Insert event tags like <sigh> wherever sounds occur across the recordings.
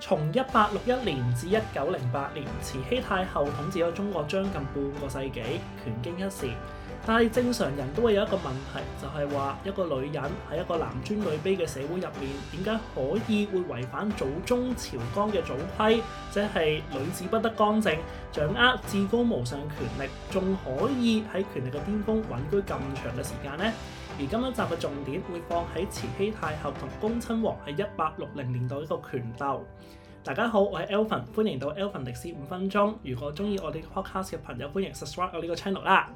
從一八六一年至一九零八年，慈禧太后統治咗中國將近半個世紀，權傾一時。但係正常人都會有一個問題，就係話一個女人喺一個男尊女卑嘅社會入面，點解可以會違反祖宗朝綱嘅祖規，即係女子不得干政，掌握至高無上權力，仲可以喺權力嘅巔峰穩居咁長嘅時間呢？而今一集嘅重點會放喺慈禧太后同恭親王喺一八六零年代呢個權鬥。大家好，我係 Elvin，歡迎到 Elvin 歷史五分鐘。如果中意我哋嘅 podcast 嘅朋友，歡迎 subscribe 我呢個 channel 啦。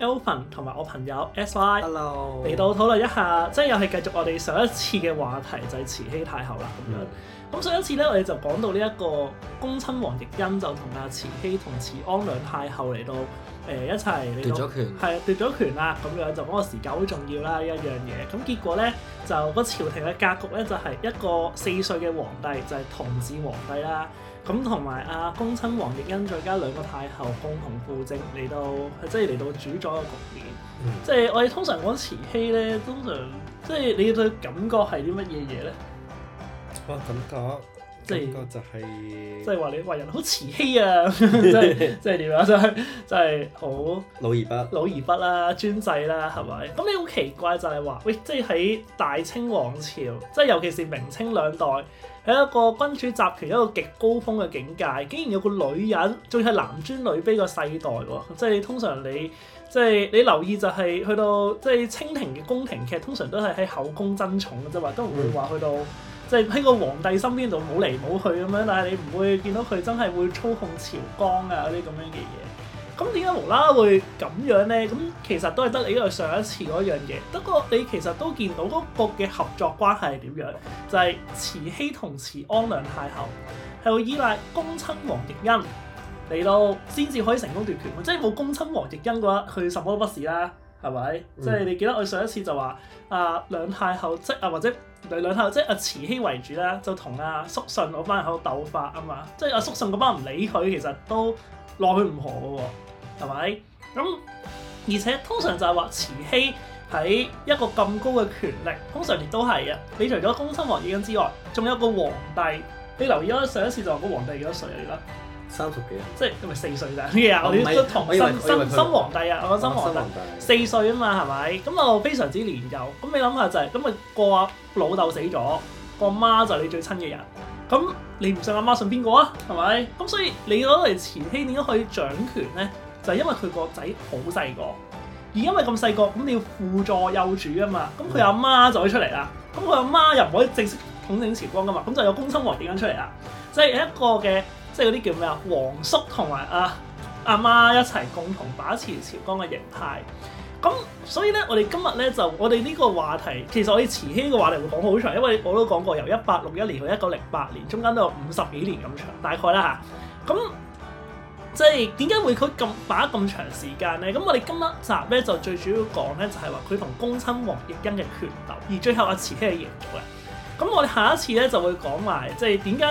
Elven 同埋我朋友 Sy，嚟 Hello. 到討論一下，即係又係繼續我哋上一次嘅話題，就係、是、慈禧太后啦咁樣。咁上一次咧，我哋就講到呢一個恭親王奕欣就同阿慈禧同慈安兩太后嚟到。誒一齊嚟到，係啊，奪咗權啦，咁樣就嗰個時間好重要啦，一樣嘢。咁結果咧，就個朝廷嘅格局咧，就係、是、一個四歲嘅皇帝，就係、是、同治皇帝啦。咁同埋阿恭親王奕訢再加兩個太后共同輔政嚟到，即係嚟到主佐嘅局面。嗯、即係我哋通常講慈禧咧，通常即係你對感覺係啲乜嘢嘢咧？我感覺。即係就係，即係話你話人好慈禧啊！即係即係點樣！即係即係好老而不老而不啦，專制啦，係咪？咁你好奇怪就係話，喂！即係喺大清王朝，即係尤其是明清兩代，喺一個君主集權一個極高峰嘅境界，竟然有個女人，仲係男尊女卑嘅世代喎！即係通常你即係你留意就係去到即係清廷嘅宮廷劇，通常都係喺後宮爭寵嘅啫嘛，都唔會話去到。嗯即係喺個皇帝身邊度冇嚟冇去咁樣，但係你唔會見到佢真係會操控朝綱啊嗰啲咁樣嘅嘢。咁點解無啦啦會咁樣咧？咁其實都係得你哋上一次嗰樣嘢。不過你其實都見到嗰個嘅合作關係係點樣？就係、是、慈禧同慈安兩太后係會依賴恭親王奕訢嚟到先至可以成功奪權。即係冇恭親王奕訢嘅話，佢什麼都不是啦，係咪？即係、嗯、你記得我上一次就話啊，兩太后即啊或者。兩下即阿慈禧為主啦，就同阿叔信嗰班喺度鬥法啊嘛，即阿叔、啊、信嗰班唔理佢，其實都落去唔合嘅喎，係咪？咁而且通常就係話慈禧喺一個咁高嘅權力，通常亦都係啊。你除咗公親王以外，仲有個皇帝，你留意咗上一次就係個皇帝幾多歲啦？三十幾啊，即係唔係四歲咋？又係身我啲新新新皇帝啊，我個新皇帝四歲啊嘛，係咪？咁我非常之年幼。咁你諗下就係、是，咁、那、啊個老豆死咗，個媽就係你最親嘅人。咁你唔信阿媽信邊個啊？係咪？咁所以你攞嚟前妻點解可以掌權咧？就係、是、因為佢個仔好細個，而因為咁細個，咁你要輔助幼主啊嘛。咁佢阿媽就可以出嚟啦。咁佢阿媽又唔可以正式統領朝綱噶嘛。咁就有恭親王點樣出嚟啦。即、就、係、是、一個嘅。即係嗰啲叫咩啊？皇叔同埋阿阿媽一齊共同把持朝綱嘅形態。咁所以咧，我哋今日咧就我哋呢個話題，其實我哋慈禧嘅話題會講好長，因為我都講過由一八六一年去一九零八年，中間都有五十幾年咁長，大概啦吓，咁即係點解會佢咁擺咁長時間咧？咁我哋今集咧就最主要講咧就係話佢同恭親王奕欣嘅決鬥，而最後阿、啊、慈禧係贏咗嘅。咁我哋下一次咧就會講埋即係點解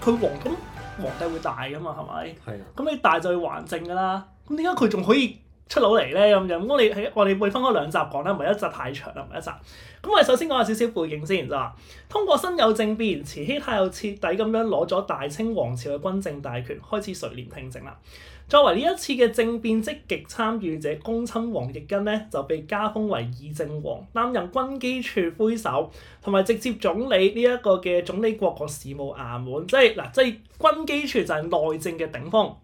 佢黃宮。就是皇帝會大噶嘛，係咪？係啊，咁你大就要還政噶啦。咁點解佢仲可以出佬嚟咧？咁又唔通你係，我哋會分開兩集講咧，唔係一集太長，唔係一集。咁我哋首先講下少少背景先，就話通過辛酉政變，慈禧太后徹底咁樣攞咗大清王朝嘅軍政大權，開始垂簾聽政啦。作為呢一次嘅政變積極參與者，恭親王奕訢咧就被加封為議政王，擔任軍機處魁首，同埋直接總理呢一個嘅總理各國事務衙門。即係嗱，即係軍機處就係內政嘅頂峰；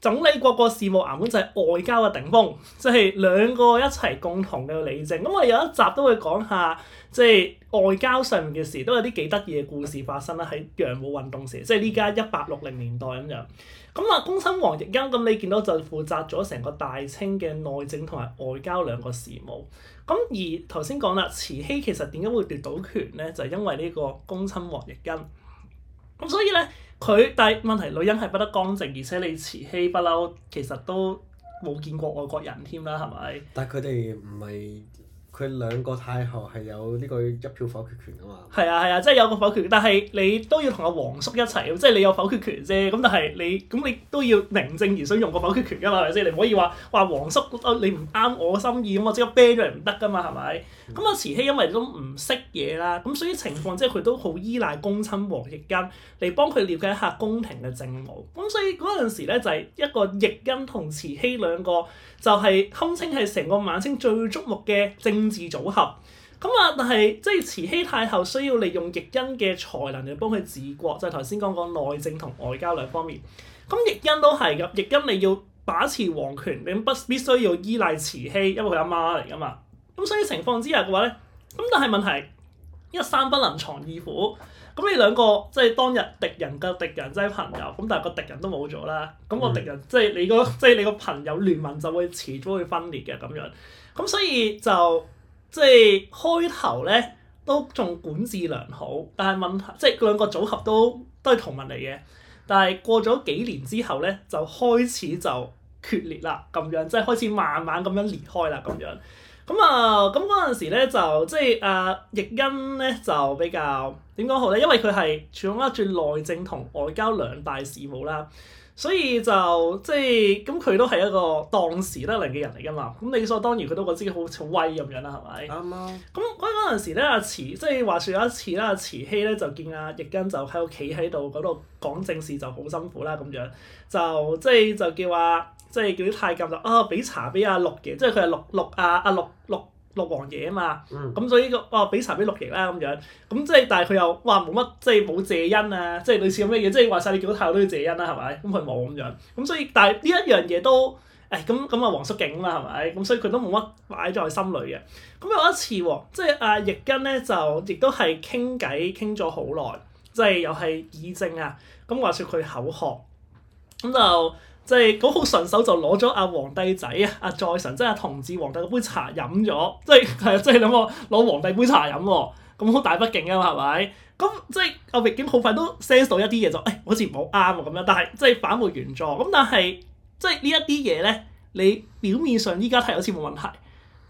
總理各國事務衙門就係外交嘅頂峰，即係兩個一齊共同嘅理政。咁、嗯、我有一集都會講下。即係外交上面嘅事都有啲幾得意嘅故事發生啦，喺洋務運動時，即係呢家一八六零年代咁樣。咁啊，恭親王奕欣咁你見到就負責咗成個大清嘅內政同埋外交兩個事務。咁而頭先講啦，慈禧其實點解會奪到權咧？就係因為呢個恭親王奕欣。咁所以咧，佢但係問題，女人係不得乾淨，而且你慈禧不嬲，其實都冇見過外國人添啦，係咪？但係佢哋唔係。佢兩個太后係有呢個一票否決權啊嘛，係啊係啊，即係有個否決，但係你都要同阿皇叔一齊，即係你有否決權啫。咁但係你咁你都要名正言順用個否決權噶嘛，係咪先？你唔可以話話皇叔覺得你唔啱我心意，咁我即刻啤咗嚟唔得噶嘛，係咪？咁啊，慈禧因為都唔識嘢啦，咁所以情況即係佢都好依賴恭親王奕訢嚟幫佢了解一下宮廷嘅政務。咁所以嗰陣時咧就係一個奕訢同慈禧兩個就係、是、堪稱係成個晚清最矚目嘅政治組合。咁啊，但係即係慈禧太后需要利用奕訢嘅才能嚟幫佢治國，就係頭先講講內政同外交兩方面。咁奕訢都係噶，奕訢你要把持皇權，你不必須要依賴慈禧，因為佢阿媽嚟噶嘛。咁、嗯、所以情況之下嘅話咧，咁但係問題一山不能藏二虎，咁你兩個即係、就是、當日敵人嘅敵人即係朋友，咁但係個敵人都冇咗啦，咁個敵人即係、就是、你個即係你個朋友聯盟就會遲早會分裂嘅咁樣，咁所以就即係、就是、開頭咧都仲管治良好，但係問題即係、就是、兩個組合都都係同盟嚟嘅，但係過咗幾年之後咧就開始就決裂啦，咁樣即係、就是、開始慢慢咁樣離開啦，咁樣。咁、嗯、啊，咁嗰陣時咧就即係啊，奕欣咧就比較點講好咧，因為佢係掌握住內政同外交兩大事務啦。所以就即係咁，佢都係一個當時得令嘅人嚟㗎嘛，咁理所當然佢都覺得自己好似好威咁樣啦，係咪？啱啊！咁嗰嗰陣時咧，阿慈即係話説有一次咧，阿、啊、慈禧咧就見阿、啊、易根就喺度企喺度嗰度講正事就好辛苦啦咁樣，就即係就叫阿、啊、即係叫啲太監就啊俾茶俾阿六嘅，即係佢係六六啊阿六六。啊六王爺啊嘛，咁、嗯、所以個哇俾茶俾六爺啦咁樣，咁、就是、即係但係佢又哇冇乜即係冇謝恩啊，即係類似咁嘅嘢，即係話晒你叫到太后都要謝恩啦係咪？咁佢冇咁樣，咁所以但係呢一樣嘢都誒咁咁啊王叔勁嘛，係咪？咁所以佢都冇乜擺在心裏嘅。咁有一次喎、啊，即係阿、啊、奕訢咧就亦都係傾偈傾咗好耐，即係、就是、又係耳症啊，咁話説佢口渴，咁就。即係嗰好順手就攞咗阿皇帝仔啊再，阿在臣即係阿同治皇帝嗰杯茶飲咗，即係係啊，即係諗我攞皇帝杯茶飲喎，咁好大不敬噶嘛係咪？咁即係我畢竟好快都 sense 到一啲嘢就，誒、哎、好似唔好啱啊咁樣，但係即係反回原狀咁，但係即係呢一啲嘢咧，你表面上依家睇好似冇問題，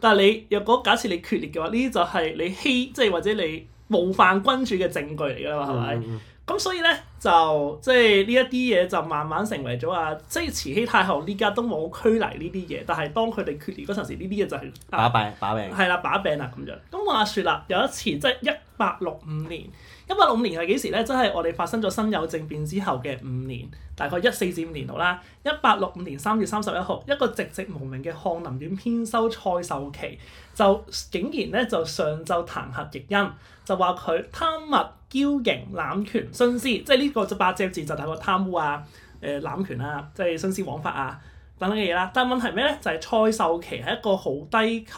但係你若果假設你決裂嘅話，呢啲就係你欺即係或者你冒犯君主嘅證據嚟㗎嘛係咪？咁、嗯嗯嗯、所以咧。就即係呢一啲嘢就慢慢成為咗啊！即係慈禧太后呢家都冇拘泥呢啲嘢，但係當佢哋決裂嗰陣時，呢啲嘢就係把柄，把柄。係啦，把柄啊咁樣，咁話說啦，有一次即係一八六五年，一八六五年係幾時咧？即係我哋發生咗辛酉政變之後嘅五年，大概一四至五年度啦。一八六五年三月三十一號，一個籍籍無名嘅翰林院編修蔡壽祺，就竟然咧就上奏彈劾奕欣，就話佢貪墨、嬌盈、濫權、徇私，即係呢。呢個就八隻字就大個貪污啊、誒濫權啊、即係徇私枉法啊等等嘅嘢啦。但係問題係咩咧？就係蔡秀琪係一個好低級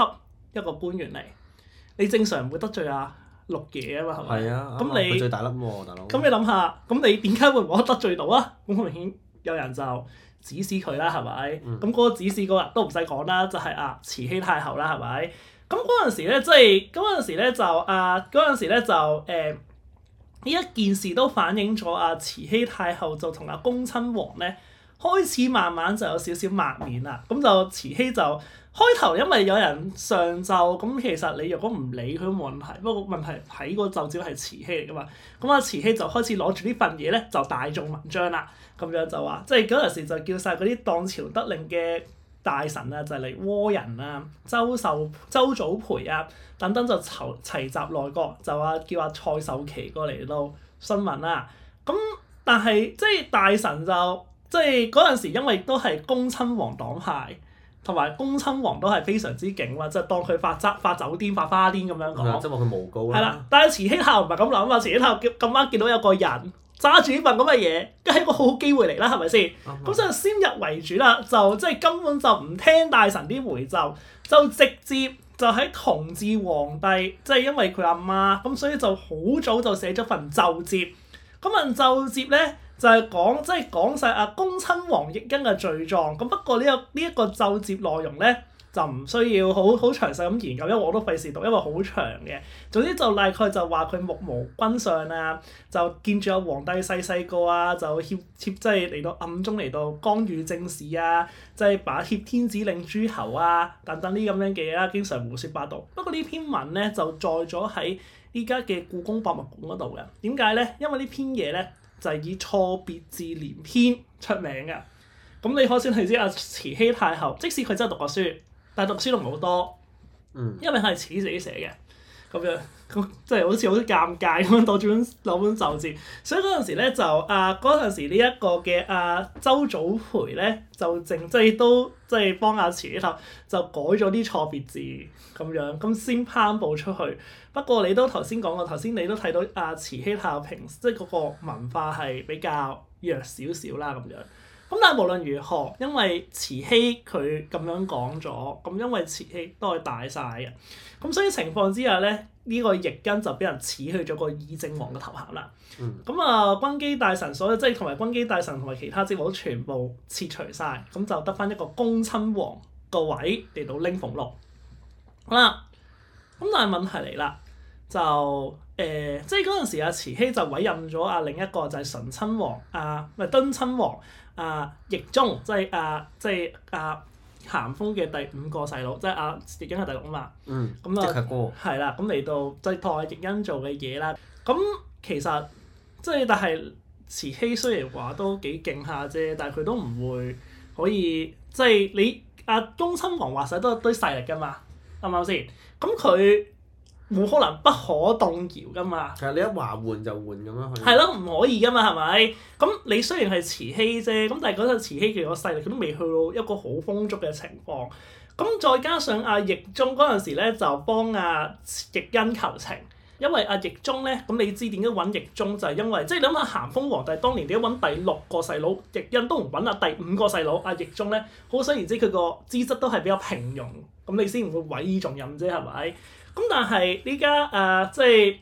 一個官員嚟，你正常唔會得罪阿六爺啊嘛，係咪？係啊。咁你最大粒喎，大佬。咁你諗下，咁你點解會唔會得罪到啊？咁明顯有人就指使佢啦，係咪？咁嗰個指使個人都唔使講啦，就係阿慈禧太后啦，係咪？咁嗰陣時咧，即係嗰陣時咧就阿嗰陣時咧就誒。呢一件事都反映咗阿慈禧太后就同阿恭親王咧開始慢慢就有少少抹面啦，咁就慈禧就開頭因為有人上奏，咁其實你若果唔理佢都冇問題，不過問題喺個奏折係慈禧嚟噶嘛，咁阿慈禧就開始攞住呢份嘢咧就大做文章啦，咁樣就話即係嗰陣時就叫晒嗰啲當朝得令嘅。大臣啊，就嚟、是、窩人啊，周秀周祖培啊，等等就籌齊，齊集內閣，就話叫阿蔡壽祺過嚟度詢問啦、啊。咁但係即係大臣就即係嗰陣時，因為都係恭親王黨派，同埋恭親王都係非常之勁啦，就是、當佢發執發酒癲發花癲咁樣講。吧即係話佢無辜啦。啦，但係慈禧太后唔係咁諗啊！慈禧太后咁啱見到有個人。揸住呢份咁嘅嘢，梗係一個好好機會嚟啦，係咪先？咁 <noise> 就先入為主啦，就即係根本就唔聽大臣啲回奏，就直接就喺同治皇帝，即、就、係、是、因為佢阿媽，咁所以就好早就寫咗份奏折。咁份奏折咧，就係、是、講即係講晒阿恭親王奕欣嘅罪狀。咁不過呢、這個呢一、這個奏折內容咧。就唔需要好好詳細咁研究，因為我都費事讀，因為好長嘅。總之就大概就話佢目無君上啊，就見住阿皇帝細細個啊，就挾挾即係嚟到暗中嚟到干預政事啊，即係把挾天子令諸侯啊等等呢咁樣嘅嘢啦，經常胡說八道。不過呢篇文咧就載咗喺依家嘅故宮博物館嗰度嘅。點解咧？因為篇呢篇嘢咧就係以錯別字連篇出名嘅。咁你可先提知阿慈禧太后，即使佢真係讀過書。但係讀書都唔好多，因為佢係慈禧自己寫嘅。咁樣咁即係好似好尷尬咁樣倒轉本就字，所以嗰陣時咧就啊嗰陣時呢一、啊、個嘅啊周祖培咧就淨即係都即係、就是、幫阿慈禧太后就改咗啲錯別字咁樣，咁先刊布出去。不過你都頭先講過，頭先你都睇到阿、啊、慈禧太后平即係嗰個文化係比較弱少少啦咁樣。咁但係無論如何，因為慈禧佢咁樣講咗，咁因為慈禧都係大晒嘅，咁所以情況之下咧，呢、這個奕訢就俾人褫去咗個議政王嘅頭銜啦。咁啊、嗯呃，軍機大臣所有即係同埋軍機大臣同埋其他職務都全部撤除晒，咁就得返一個恭親王個位嚟到拎俸祿。好啦，咁但係問題嚟啦，就～誒、呃，即係嗰陣時，阿慈禧就委任咗阿、啊、另一個就係純親王，阿、啊、咪敦親王，阿奕宗，即係、啊、阿即係、啊、阿咸豐嘅第五個細佬，即係阿奕恩係第六啊嘛。嗯。咁啊就。即係哥。係啦，咁嚟到即係托阿奕恩做嘅嘢啦。咁其實即係但係慈禧雖然話都幾勁下啫，但係佢都唔會可以即係你阿恭、啊、親王話晒都係堆勢力噶嘛，啱唔啱先？咁佢。冇可能不可動搖噶嘛，其實你一話換就換咁樣去，係咯唔可以噶嘛，係咪？咁你雖然係慈禧啫，咁但係嗰陣慈禧其實個勢力佢都未去到一個好豐足嘅情況，咁再加上阿奕宗嗰陣時咧就幫阿、啊、奕恩求情。因為阿奕宗咧，咁你知點解揾奕宗？就係因為，即係諗下咸豐皇帝當年點揾第六個細佬奕訢都唔揾啊，第五個細佬阿奕宗咧，可想而知佢個資質都係比較平庸，咁你先唔會委以重任啫，係咪？咁但係依家誒，即係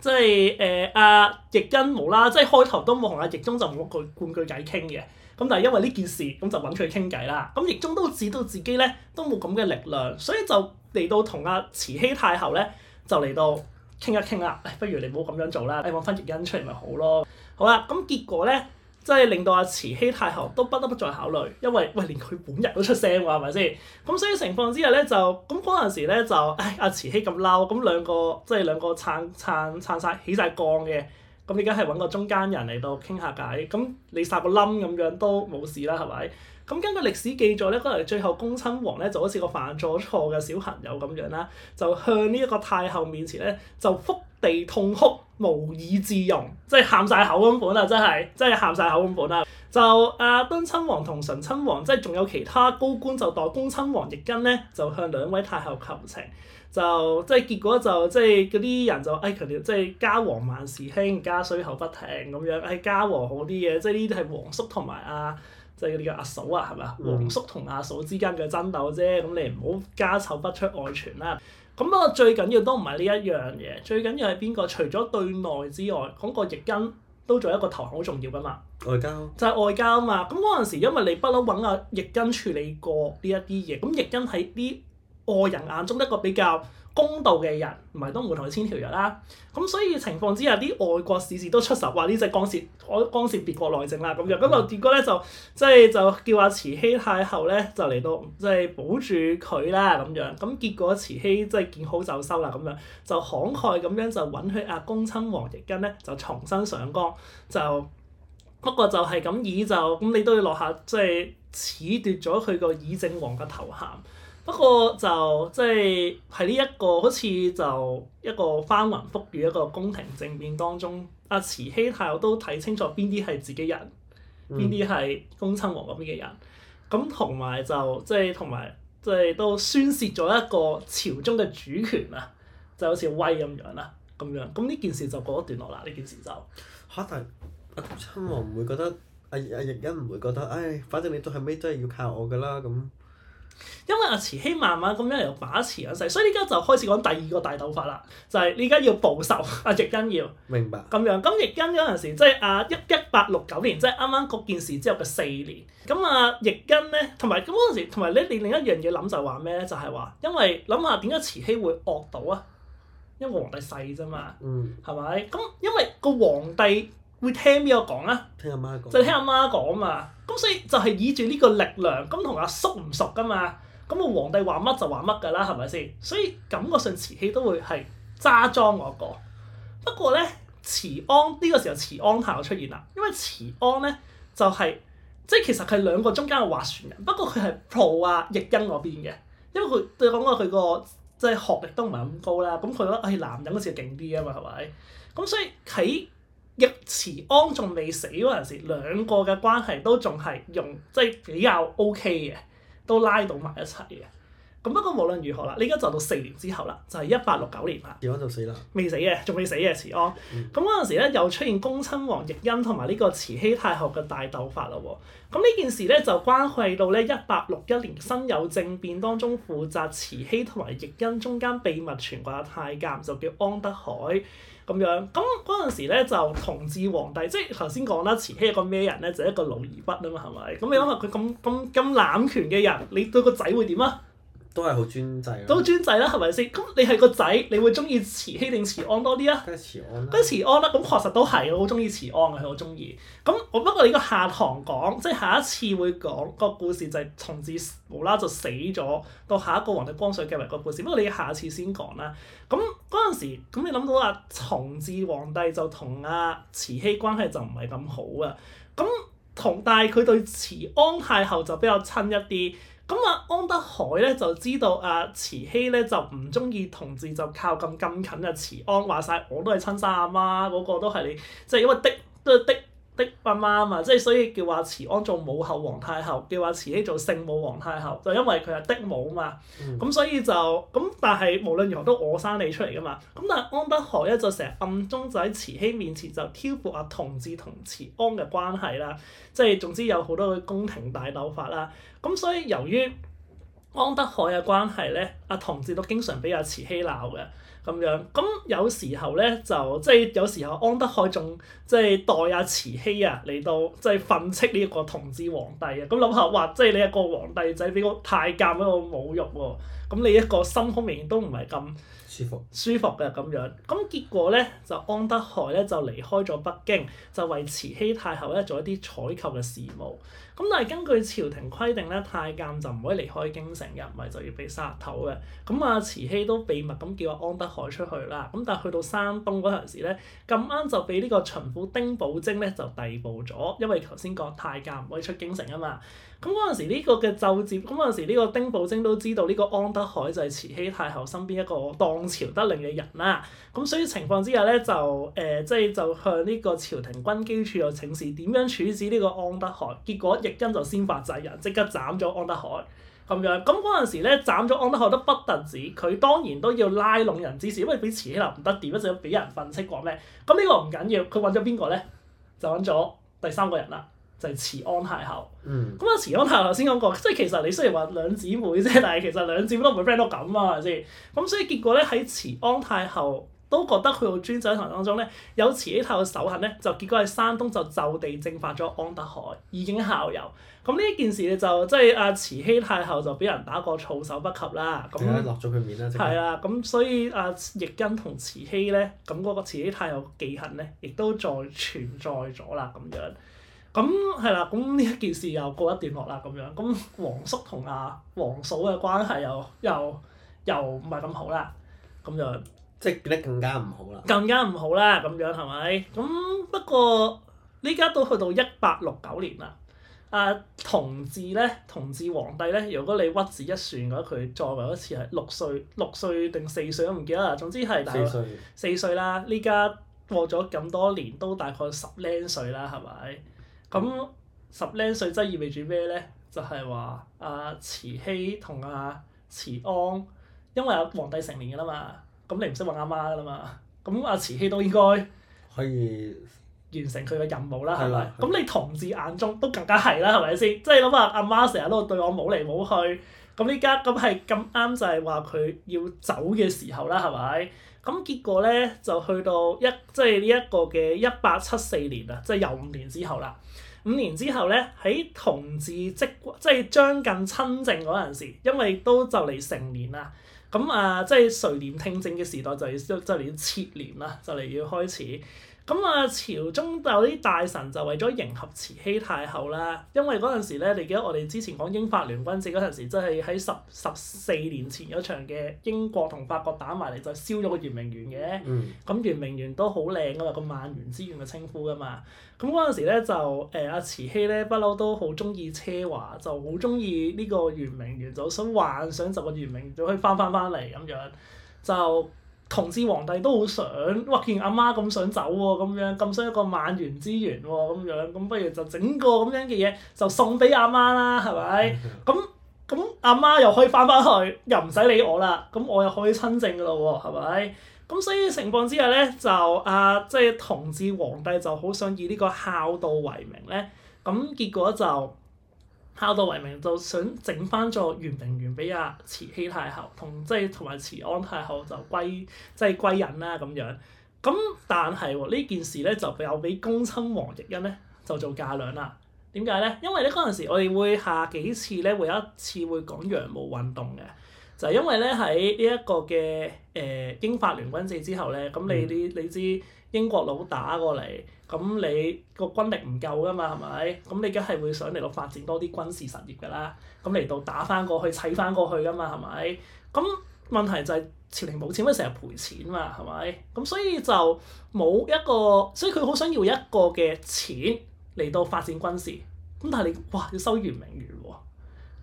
即係誒阿奕訢冇啦，即係開頭都冇同阿奕宗就冇句半句偈傾嘅，咁但係因為呢件事，咁就揾佢傾偈啦。咁奕宗都知道自己咧都冇咁嘅力量，所以就嚟到同阿慈禧太后咧就嚟到。傾一傾啦，誒，不如你唔好咁樣做啦，你揾翻葉欣出嚟咪好咯。好啦、啊，咁、嗯、結果咧，即係令到阿慈禧太后都不得不再考慮，因為喂連佢本人都出聲喎，係咪先？咁、嗯、所以情況之下咧，就咁嗰陣時咧就，唉，阿慈禧咁嬲，咁、嗯、兩個即係兩個撐撐撐晒起晒槓嘅，咁你梗係揾個中間人嚟到傾下偈。咁、嗯、你殺個冧咁樣都冇事啦，係咪？咁根據歷史記載咧，可能最後恭親王咧就好似個犯咗錯嘅小朋友咁樣啦，就向呢一個太后面前咧就伏地痛哭，無以自容，即係喊晒口咁款啦，真係真係喊晒口咁款啦。就啊敦親王同純親王，即係仲有其他高官，就代恭親王亦恩咧，就向兩位太后求情，就即係結果就即係嗰啲人就誒佢哋即係家和萬事興，家衰口不停咁樣，誒、哎、家和好啲嘅，即係呢啲係皇叔同埋啊。即係呢個阿嫂啊，係咪啊？皇叔同阿嫂之間嘅爭鬥啫，咁你唔好家醜不出外傳啦，啊。咁不過最緊要都唔係呢一樣嘢，最緊要係邊個？除咗對內之外，嗰、嗰個奕欣都做一個頭好重要啊嘛。外交就係外交啊嘛。咁嗰陣時，因為你不嬲揾阿奕欣處理過呢一啲嘢，咁奕欣喺啲外人眼中一個比較。公道嘅人，唔係都唔會同佢簽條約啦。咁所以情況之下，啲外國事事都出手話呢隻干涉，我干涉別國內政啦咁樣。咁就、嗯、結果咧就，即係就叫阿慈禧太后咧就嚟到，即係保住佢啦咁樣。咁結果慈禧即係見好就收啦咁樣，就慷慨咁樣就允許阿恭親王奕訢咧就重新上崗，就不過就係咁以就，咁你都要落下即係褫奪咗佢個議政王嘅頭銜。不過就即係喺呢一個好似就一個翻雲覆雨一個宮廷政變當中，阿慈禧太后都睇清楚邊啲係自己人，嗯、邊啲係恭親王嗰邊嘅人。咁同埋就即係同埋即係都宣洩咗一個朝中嘅主權啊，就好似威咁樣啦，咁樣。咁呢件事就過一段落啦，呢件事就嚇。但係恭親王唔會覺得，阿阿奕欣唔會覺得，唉，反正你到後尾都係要靠我㗎啦咁。因為阿慈禧慢慢咁樣嚟到把持緊世，所以依家就開始講第二個大鬥法啦，就係依家要報仇，阿奕訢要明白咁樣。咁奕訢嗰陣時，即係阿一一八六九年，即係啱啱嗰件事之後嘅四年。咁阿奕訢咧，同埋咁嗰陣時同埋你另一樣嘢諗就話咩咧？就係話因為諗下點解慈禧會惡到啊？因為皇帝細啫嘛，嗯，係咪？咁因為個皇帝會聽邊個講啊？聽阿媽講，就聽阿媽講嘛。咁所以就係倚住呢個力量，咁同阿叔唔熟噶嘛，咁個皇帝話乜就話乜噶啦，係咪先？所以感覺上慈禧都會係揸莊我個。不過咧，慈安呢、呢個時候慈安太后出現啦，因為慈安咧就係、是、即係其實佢係兩個中間嘅斡旋人，不過佢係溥啊奕欣嗰邊嘅，因為佢對講話佢個即係、就是、學歷都唔係咁高啦，咁佢覺得唉男人嗰時勁啲啊嘛，係咪？咁所以喺奕慈安仲未死嗰陣時，兩個嘅關係都仲係用即係比較 O K 嘅，都拉到埋一齊嘅。咁不過無論如何啦，呢家就到四年之後啦，就係一八六九年啦。慈安就死啦？未死嘅，仲未死嘅慈安。咁嗰陣時咧，又出現恭親王奕欣同埋呢個慈禧太后嘅大鬥法啦喎。咁呢件事咧就關係到咧一八六一年辛酉政變當中負責慈禧同埋奕欣中間秘密傳話嘅太監就叫安德海。咁樣，咁嗰陣時咧就同治皇帝，即係頭先講啦，慈禧個、係、一個咩人咧，就一個老而不啊嘛，係咪？咁你諗下佢咁咁咁濫權嘅人，你對個仔會點啊？都係好專制，都專制啦，係咪先？咁你係個仔，你會中意慈禧定慈安多啲啊？梗係慈安啦，梗係慈安啦。咁確實都係，我好中意慈安啊，我好中意。咁我不過你個下堂講，即係下一次會講個故事就係同治無啦啦就死咗，到下一個皇帝光緒嘅埋個故事。不過你下次先講啦。咁嗰陣時，咁你諗到阿、啊、同治皇帝就同阿慈禧關係就唔係咁好啊？咁同但係佢對慈安太后就比較親一啲。咁啊、嗯，安德海呢就知道啊，慈禧呢就唔中意同志，就靠咁近近嘅慈安，話晒我都係親生阿媽嗰個都係你，即、就、係、是、因為的。的的的媽媽啊嘛，即係所以叫話慈安做母后皇太后，叫話慈禧做聖母皇太后，就因為佢係嫡母啊嘛。咁、嗯、所以就咁，但係無論如何都我生你出嚟噶嘛。咁但係安德海咧就成日暗中就喺慈禧面前就挑撥阿、啊、同治同慈安嘅關係啦。即係總之有好多嘅宮廷大鬥法啦。咁所以由於安德海嘅關係咧，阿同治都經常俾阿慈禧鬧嘅咁樣，咁有時候咧就即係有時候安德海仲即係代阿慈禧啊嚟到即係訓斥呢一個同治皇帝啊，咁諗下哇，即係你一個皇帝仔俾個太監一個侮辱喎、啊，咁你一個心胸明顯都唔係咁舒服舒服嘅咁樣，咁結果咧就安德海咧就離開咗北京，就為慈禧太后咧做一啲採購嘅事務。咁但係根據朝廷規定咧，太監就唔可以離開京城嘅，唔係就要被殺頭嘅。咁啊，慈禧都秘密咁叫阿安德海出去啦。咁但係去到山東嗰陣時咧，咁啱就俾呢個巡撫丁寶楨咧就逮捕咗，因為頭先講太監唔可以出京城啊嘛。咁嗰陣時呢個嘅奏折，咁嗰陣時呢個丁寶楨都知道呢個安德海就係慈禧太后身邊一個當朝得令嘅人啦。咁所以情況之下咧就誒，即、呃、係、就是、就向呢個朝廷軍機處又請示點樣處置呢個安德海，結果。跟就先發制人，即刻斬咗安德海咁樣。咁嗰陣時咧，斬咗安德海都不特止，佢當然都要拉攏人之事，因為俾慈禧嬤唔得掂，點，就要俾人訓斥過咩？咁呢個唔緊要，佢揾咗邊個咧？就揾咗第三個人啦，就係慈安太后。嗯。咁阿慈安太后頭先講過，即係其實你雖然話兩姊妹啫，但係其實兩姊妹都唔會 friend 都咁啊，係咪先？咁所以結果咧，喺慈安太后，都覺得佢做專制喺台當中咧，有慈禧太后手恨咧，就結果喺山東就就地正法咗安德海，以儆效尤。咁呢一件事咧就即係阿慈禧太后就俾人打個措手不及啦。咁落咗佢面啦。係啦，咁、啊、所以阿奕、啊、恩同慈禧咧，咁嗰個慈禧太后記恨咧，亦都再存在咗啦。咁樣，咁係啦，咁呢一件事又過一段落啦。咁樣，咁、嗯、皇叔同阿皇嫂嘅關係又又又唔係咁好啦。咁就。即係變得更加唔好，好啦，更加唔好啦，咁樣係咪？咁不過呢家都去到一八六九年啦。阿同治咧，同治皇帝咧，如果你屈指一算嘅話，佢在位一次係六歲，六歲定四歲都唔記得啦。總之係大四歲啦。呢家過咗咁多年，都大概十零歲啦，係咪？咁十零歲即係意味住咩咧？就係話阿慈禧同阿、啊、慈安，因為阿皇帝成年㗎啦嘛。咁你唔識問阿媽啦嘛，咁阿慈禧都應該可以完成佢嘅任務啦，係咪的？咁吧你同治眼中都更加係啦，係咪先？即係諗下阿媽成日都對我冇嚟冇去，咁呢家咁係咁啱就係話佢要走嘅時候啦，係咪？咁結果咧就去到一即係呢一個嘅一八七四年啊，即係又五年之後啦。五年之後咧喺同治即即係將近親政嗰陣時，因為都就嚟成年啦。咁啊，嗯，即係垂簾聽政嘅時代，就要就嚟要撤簾啦，就嚟要要開始。咁啊，朝中就有啲大臣就為咗迎合慈禧太后啦，因為嗰陣時咧，你記得我哋之前講英法聯軍戰嗰陣時，真係喺十十四年前有場嘅英國同法國打埋嚟、嗯嗯嗯，就燒咗個圓明園嘅。咁圓明園都好靚噶嘛，個萬園之園嘅稱呼噶嘛。咁嗰陣時咧就誒，阿慈禧咧不嬲都好中意奢華，就好中意呢個圓明園，就想幻想就個圓明園可以翻翻翻嚟咁樣就。同治皇帝都好想，哇！見阿媽咁想走喎、啊，咁樣咁想一個萬園之園喎、啊，咁樣咁不如就整個咁樣嘅嘢就送俾阿媽,媽啦，係咪？咁咁阿媽又可以翻返去，又唔使理我啦，咁我又可以親政噶咯喎，係咪？咁所以情況之下咧，就啊，即係同治皇帝就好想以呢個孝道為名咧，咁結果就。孝道為名，就想整翻座圓明園俾阿慈禧太后同即係同埋慈安太后就歸即係、就是、歸隱啦咁樣。咁但係喎，呢件事咧就有俾恭親王奕欣咧就做嫁良啦。點解咧？因為咧嗰陣時我哋會下幾次咧，會有一次會講洋務運動嘅，就係、是、因為咧喺呢一個嘅誒英法聯軍戰之後咧，咁你你你知英國佬打過嚟。咁你個軍力唔夠噶嘛，係咪？咁你梗係會想嚟到發展多啲軍事實業噶啦，咁嚟到打翻過去、砌翻過去噶嘛，係咪？咁問題就係朝廷冇錢，咪成日賠錢嘛，係咪？咁所以就冇一個，所以佢好想要一個嘅錢嚟到發展軍事。咁但係你，哇！要收圓明園喎，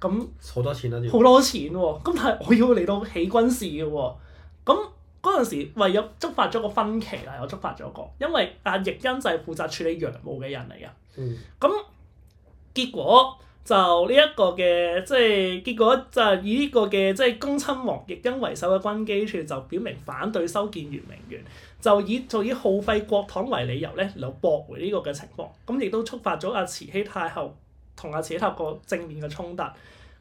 咁好多錢啦、啊，好多錢喎、啊。咁但係我要嚟到起軍事嘅喎、啊，咁。嗰陣時，唯有觸發咗個分歧啦，我觸發咗個，因為阿奕訢就係負責處理洋務嘅人嚟嘅，咁、嗯、結果就呢一個嘅，即係結果就以呢個嘅即係恭親王奕訢為首嘅軍機處就表明反對修建圓明園，就以就以耗費國帑為理由咧嚟駁回呢個嘅情況，咁亦都觸發咗阿慈禧太后同阿慈禧太后正面嘅衝突。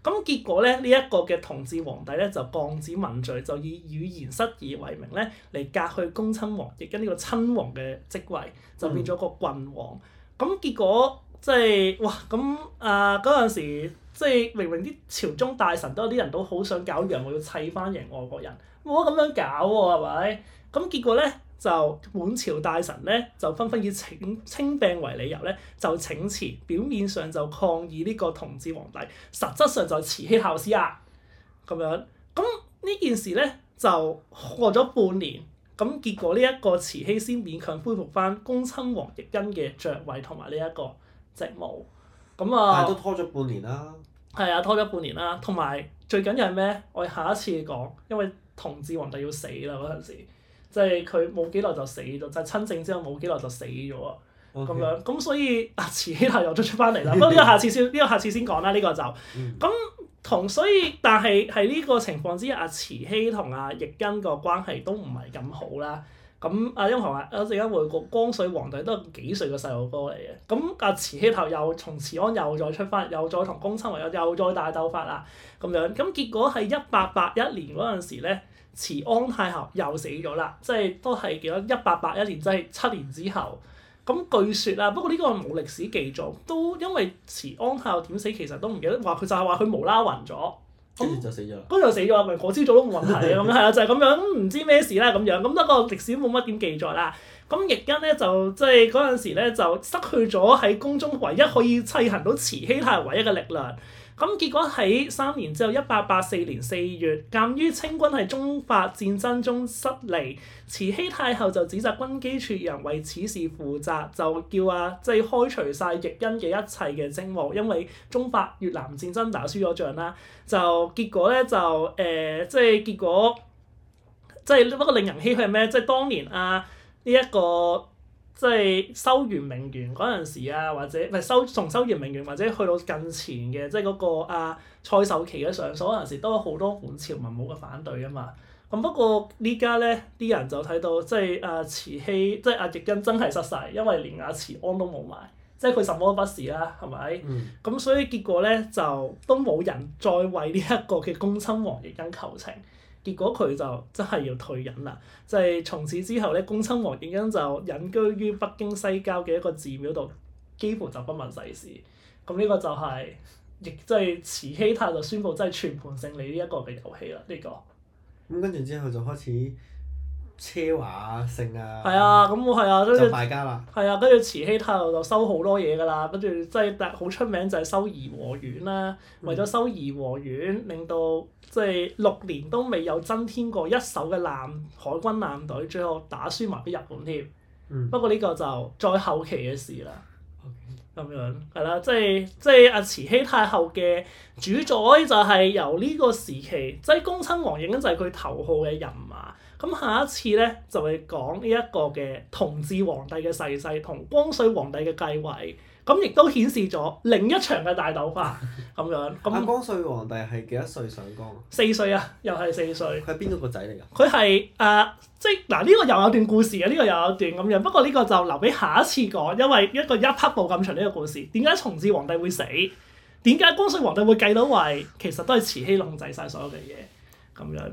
咁結果咧，呢、這、一個嘅同治皇帝咧就降旨問罪，就以語言失儀為名咧，嚟革去恭親王亦跟呢個親王嘅職位，就變咗個郡王。咁、嗯、結果即係哇，咁啊嗰陣時即係明明啲朝中大臣都有啲人都好想搞洋我要砌翻贏外國人，冇得咁樣搞喎、哦，係咪？咁結果咧。就滿朝大臣咧，就紛紛以請稱病為理由咧，就請辭。表面上就抗議呢個同治皇帝，實質上就係慈禧孝事啊。咁樣咁呢件事咧就過咗半年，咁結果呢一個慈禧先勉強恢復翻恭親王奕訢嘅爵位同埋呢一個職務。咁啊，但係都拖咗半年啦、啊。係啊，拖咗半年啦、啊。同埋最緊要係咩？我哋下一次講，因為同治皇帝要死啦嗰陣時。即係佢冇幾耐就死咗，就是、親政之後冇幾耐就死咗啊，咁 Okay. 樣咁所以阿慈禧頭又再出翻嚟啦，不過呢個下次先，呢 <laughs> 個下次先講啦，呢、這個就咁 <laughs> 同所以，但係喺呢個情況之下，阿慈禧同阿奕訢個關係都唔係咁好啦。咁阿因為呀，我陣間會個光緒皇帝都係幾歲嘅細路哥嚟嘅。咁阿慈禧頭又從慈安又再出翻，又再同恭親王又再大鬥法啦，咁樣咁結果係一八八一年嗰陣時咧。慈安太后又死咗啦，即係都係幾多一八八一年，即係七年之後。咁據說啊，不過呢個係冇歷史記載，都因為慈安太后點死其實都唔記得，話佢就係話佢無啦啦暈咗，跟住就死咗。嗰陣就死咗，明火朝早都冇問題咁樣， <laughs> 啊，就係、是、咁樣，唔知咩事啦咁樣。咁不過歷史冇乜點記載啦。咁奕欣咧就即係嗰陣時咧就失去咗喺宮中唯一可以砌行到慈禧太后唯一嘅力量。咁結果喺三年之後，一八八四年四月，鑑於清軍喺中法戰爭中失利，慈禧太后就指責軍機處人為此事負責，就叫啊即係、就是、開除晒奕訢嘅一切嘅職務，因為中法越南戰爭打輸咗仗啦，就結果咧就誒即係結果，即係不過令人唏噓係咩？即、就、係、是、當年啊呢一、這個。即係修圓明園嗰陣時啊，或者唔係修，從修圓明園或者去到近前嘅，即係嗰個阿、啊、蔡壽祺嘅上疏嗰陣時，都有好多本朝文武嘅反對啊嘛。咁、嗯、不過呢家咧，啲人就睇到即係阿慈禧，即係阿奕訢真係失勢，因為連阿、啊、慈安都冇埋，即係佢什麼都不是啦、啊，係咪？咁、嗯、所以結果咧就都冇人再為呢一個嘅恭親王奕訢求情。結果佢就真係要退隱啦，就係、是、從此之後咧，恭親王已經就隱居於北京西郊嘅一個寺廟度，幾乎就不問世事。咁呢個就係、是，亦即係慈禧太后宣佈即係全盤勝利呢一個嘅遊戲啦。呢、這個咁跟住之後就開始。奢華性剩啊！係、嗯、啊，咁我係啊，跟住大家係啊，跟住慈禧太后就收好多嘢㗎啦。跟住即係好出名就係修頤和園啦。嗯、為咗修頤和園，令到即係六年都未有增添過一手嘅艦海軍艦隊，最後打輸埋俾日本添。嗯、不過呢個就再後期嘅事啦。咁、嗯、樣係啦，即係即係阿慈禧太后嘅主宰就係由呢個時期，即係恭親王已經就係佢頭號嘅人馬。咁下一次咧就會講呢一個嘅同治皇帝嘅逝世，世同光緒皇帝嘅繼位，咁亦都顯示咗另一場嘅大鬥法咁樣。咁 <laughs> 光緒皇帝係幾多歲上崗？四歲啊，又係四歲。佢係邊個個仔嚟㗎？佢係誒，即係嗱，呢、呢個又有段故事啊，呢、呢個又有段咁樣。不過呢個就留俾下一次講，因為一個一匹布咁長呢個故事。點解同治皇帝會死？點解光緒皇帝會繼到位？其實都係慈禧控制晒所有嘅嘢咁樣。